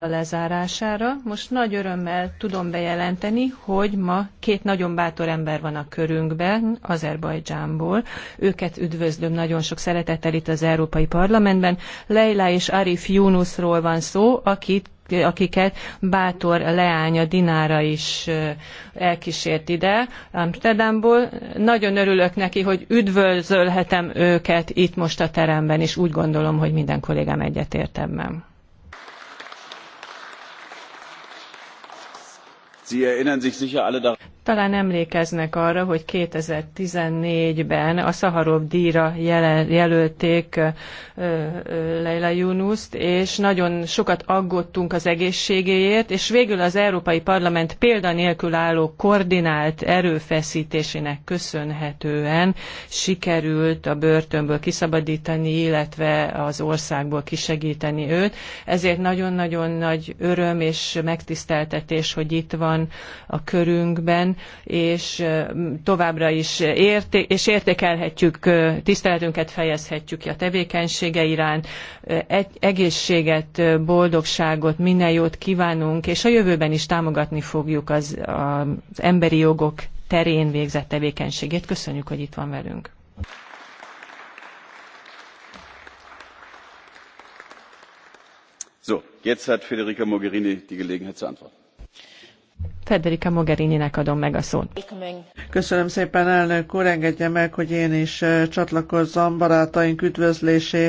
a lezárására. Most nagy örömmel tudom bejelenteni, hogy ma két nagyon bátor ember van a körünkben, Azerbajdzsánból. Őket üdvözlöm nagyon sok szeretettel itt az Európai Parlamentben. Leila és Arif Yunusról van szó, akit akiket bátor leánya Dinára is elkísért ide Amsterdamból. Nagyon örülök neki, hogy üdvözölhetem őket itt most a teremben, és úgy gondolom, hogy minden kollégám egyetért ebben. sie erinnern sich sicher alle daran. Talán emlékeznek arra, hogy 2014-ben a Szaharov díjra jelölték Leila Yunuszt, és nagyon sokat aggódtunk az egészségéért, és végül az Európai Parlament példanélkül álló koordinált erőfeszítésének köszönhetően sikerült a börtönből kiszabadítani, illetve az országból kisegíteni őt. Ezért nagyon-nagyon nagy öröm és megtiszteltetés, hogy itt van a körünkben, és továbbra is érté- és értékelhetjük, tiszteletünket fejezhetjük ki a tevékenysége iránt, egészséget, boldogságot, minden jót kívánunk, és a jövőben is támogatni fogjuk az, az emberi jogok terén végzett tevékenységét. Köszönjük, hogy itt van velünk. So, jetzt hat Federica Mogherini die Gelegenheit zu antworten. Federica Mogherininek adom meg a szót. Köszönöm szépen, elnök úr, engedje meg, hogy én is csatlakozzam barátaink üdvözlésé.